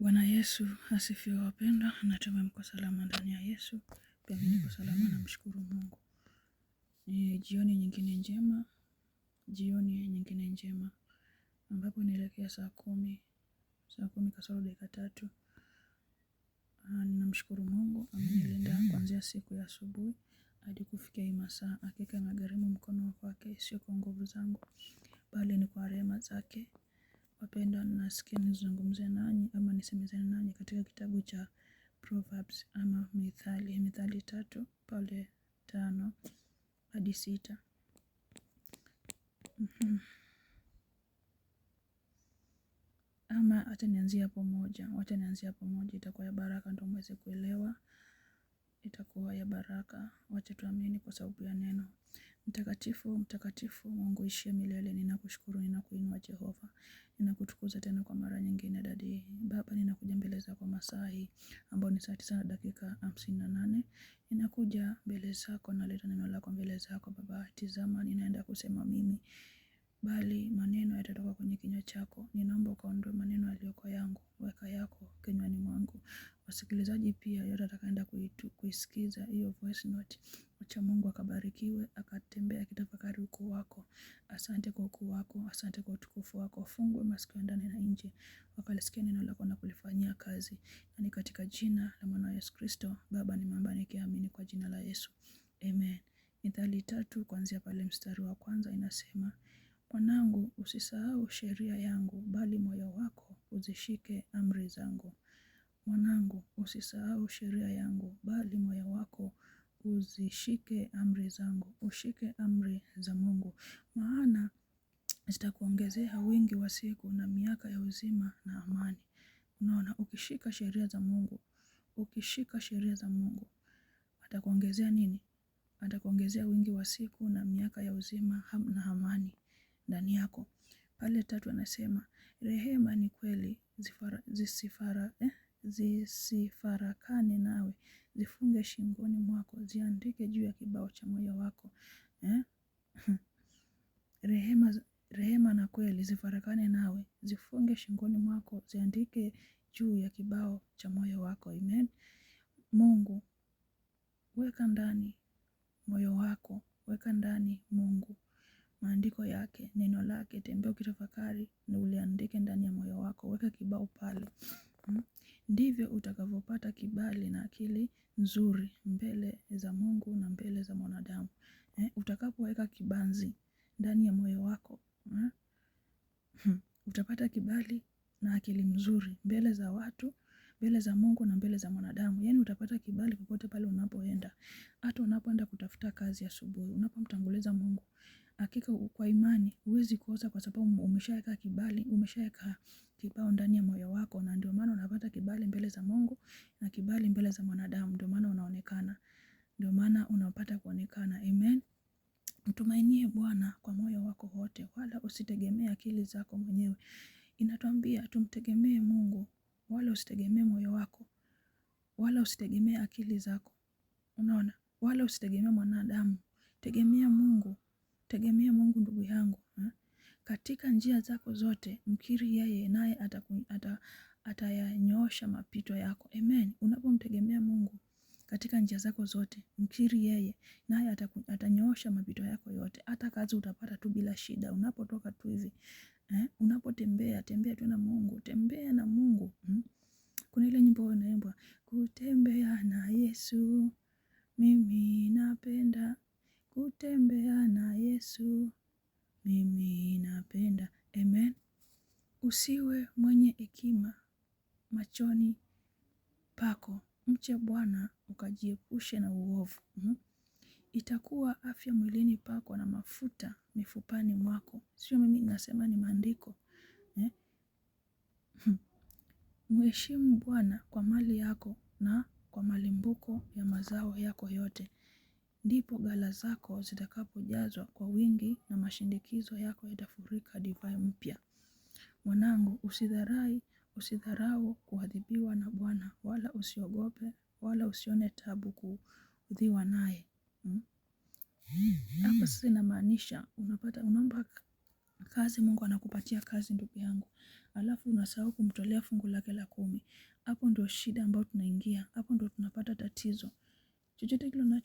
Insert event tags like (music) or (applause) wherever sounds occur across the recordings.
Bwana Yesu asifiwe wapendwa, natumai mko salama ndani ya Yesu. Pia mimi niko salama, namshukuru Mungu. Ni jioni nyingine njema, jioni nyingine njema ambapo nielekea saa kumi, saa kumi kasoro dakika tatu. Ah, ninamshukuru Mungu amenilinda kuanzia siku ya asubuhi hadi kufikia hii masaa. Hakika imegharimu mkono wake, sio kwa nguvu zangu, bali ni kwa rehema zake wapendwa nasikia nizungumze nanyi ama nisemezane nanyi katika kitabu cha Proverbs ama mithali mithali tatu pale tano hadi sita mhm. ama hata nianzie hapo moja wacha nianzie hapo moja itakuwa ya baraka ndo mweze kuelewa itakuwa ya baraka wacha tuamini kwa sababu ya neno Mtakatifu, mtakatifu, Mungu uishiye milele, ninakushukuru, ninakuinua Jehova, ninakutukuza tena kwa mara nyingine. dadi. Baba, ninakuja mbele zako masaa hii ambayo ni saa tisa na dakika hamsini na nane. Ninakuja mbele zako, naleta neno lako mbele zako Baba. Tizama, ninaenda kusema mimi bali maneno yatatoka kwenye kinywa chako. Ninaomba ukaondoe maneno yaliyoko yangu, weka yako kinywani mwangu. Wasikilizaji pia yote atakaenda kuisikiza hiyo voice note, wacha Mungu akabarikiwe, akatembea akitafakari ukuu wako. Asante kwa ukuu wako, asante kwa utukufu wako. Fungue masikio ndani na nje, wakalisikia neno lako na kulifanyia kazi, na ni katika jina la mwana Yesu Kristo Baba ni nimeomba nikiamini kwa jina la Yesu, amen. Mithali tatu kuanzia pale mstari wa kwanza inasema Mwanangu usisahau sheria yangu bali moyo wako uzishike amri zangu. Mwanangu usisahau sheria yangu bali moyo wako uzishike amri zangu. Ushike amri za mungu. Maana zitakuongezea wingi wa siku na miaka ya uzima na amani. Unaona ukishika sheria za mungu. Ukishika sheria za mungu. Atakuongezea nini? Atakuongezea wingi wa siku na miaka ya uzima na amani ndani yako. Pale tatu anasema rehema ni kweli zisifara eh zisifarakane nawe zifunge shingoni mwako ziandike juu ya kibao cha moyo wako eh (laughs) rehema rehema na kweli zifarakane nawe zifunge shingoni mwako ziandike juu ya kibao cha moyo wako amen Mungu weka ndani moyo wako weka ndani Mungu maandiko yake, neno lake, tembea ukitafakari na uliandike ndani ya moyo wako, weka kibao pale. Hmm? Ndivyo utakavyopata kibali na akili nzuri mbele za Mungu na mbele za mwanadamu. Eh, utakapoweka kibanzi ndani ya moyo wako eh, utapata kibali na akili mzuri mbele za watu, mbele za Mungu na mbele za mwanadamu. yani utapata kibali popote pale unapoenda, hata unapoenda kutafuta kazi asubuhi, unapomtanguliza Mungu hakika kwa imani huwezi kukosa kwa sababu umeshaweka kibali, umeshaweka kibao ndani ya moyo wako na ndio maana unapata kibali mbele za Mungu na kibali mbele za mwanadamu ndio maana unaonekana. Ndio maana unapata kuonekana. Amen. Mtumainie Bwana kwa moyo wako wote wala usitegemee akili zako mwenyewe. Inatuambia tumtegemee Mungu wala usitegemee moyo wako wala usitegemee akili zako. Unaona? Wala usitegemee mwanadamu. Tegemea Mungu. Tegemea Mungu ndugu yangu. Katika njia zako zote mkiri yeye naye atayanyoosha mapito yako. Amen. Unapomtegemea Mungu katika njia zako zote mkiri yeye naye atanyoosha mapito yako yote. Hata kazi utapata tu bila shida unapotoka tu hivi. Unapotembea tembea tu na Mungu, tembea na Mungu. Kuna ile nyimbo inaimbwa kutembea na Yesu mimi napenda kutembea na Yesu mimi napenda. Amen. Usiwe mwenye hekima machoni pako. Mche bwana ukajiepushe na uovu. Hmm? Itakuwa afya mwilini pako na mafuta mifupani mwako. Sio mimi nasema ni maandiko. Eh? Mheshimu hmm. bwana kwa mali yako na kwa malimbuko ya mazao yako yote ndipo gala zako zitakapojazwa kwa wingi na mashindikizo yako yatafurika divai mpya. Mwanangu, usidharai, usidharau kuadhibiwa na Bwana, wala usiogope, wala usione tabu kuudhiwa naye. Hmm? Hapa sasa inamaanisha unapata unaomba kazi, Mungu anakupatia kazi, ndugu yangu, alafu unasahau kumtolea fungu lake la kumi. Hapo ndio shida ambayo tunaingia, hapo ndio tunapata tatizo chochote kile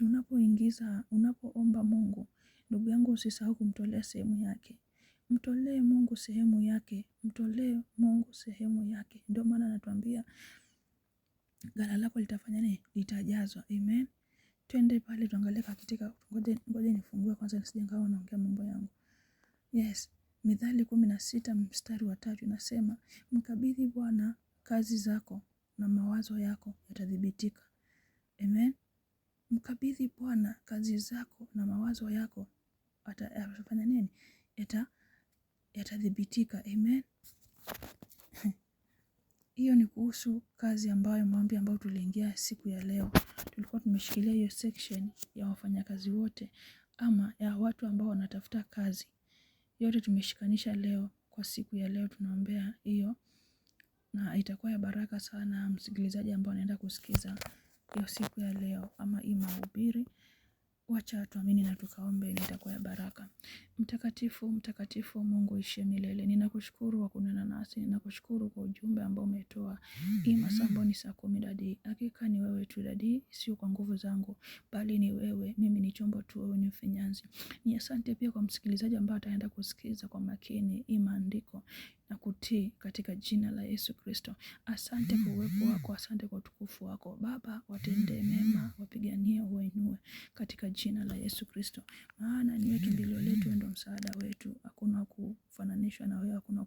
unapoingiza unapoomba Mungu ndugu yangu usisahau kumtolea sehemu yake mtolee Mungu sehemu yake mtolee Mungu sehemu yake ndio maana anatuambia ghala lako litafanya nini litajazwa amen twende pale tuangalie katika ngoja nifungue kwanza nisije nikawa naongea mambo yangu yes mithali kumi na sita mstari wa tatu inasema mkabidhi bwana kazi zako na mawazo yako yatadhibitika Amen. Mkabidhi Bwana kazi zako na mawazo yako. Atafanya nini? Yatathibitika. Amen. (laughs) Hiyo ni kuhusu kazi ambayo maombi ambayo tuliingia siku ya leo. Tulikuwa tumeshikilia hiyo section ya wafanyakazi wote ama ya watu ambao wanatafuta kazi. Yote tumeshikanisha leo kwa siku ya leo tunaombea hiyo na itakuwa ya baraka sana msikilizaji ambao anaenda kusikiza ya siku ya leo ama hii mahubiri Wacha tuamini na tukaombe, nitakuwa ya baraka. Mtakatifu, mtakatifu Mungu ishe milele, ninakushukuru kwa kunena nasi, ninakushukuru kwa ujumbe ambao umetoa hii masaa ambao ni saa kumi dadi. Hakika ni wewe tu dadi, sio kwa nguvu zangu, bali ni wewe. Mimi ni chombo tu, wewe ni mfinyanzi. Ni asante pia kwa msikilizaji ambaye ataenda kusikiza kwa makini hii maandiko na kutii katika jina la Yesu Kristo. Asante kwa uwepo wako, asante kwa utukufu wako Baba, watendee mema, wapiganie, wainue katika jina la Yesu Kristo, maana niwe kimbilio letu, ndo msaada wetu. Hakuna kufananishwa na wewe, hakuna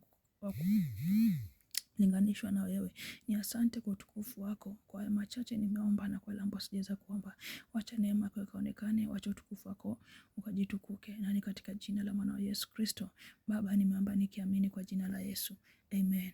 kulinganishwa na wewe. Ni asante kwa utukufu wako. Kwa machache nimeomba na kwa lambo sijaweza kuomba, wacha neema yako ikaonekane, wacha utukufu wako ukajitukuke, na ni katika jina la mwana wa Yesu Kristo. Baba, nimeomba nikiamini kwa jina la Yesu, amen.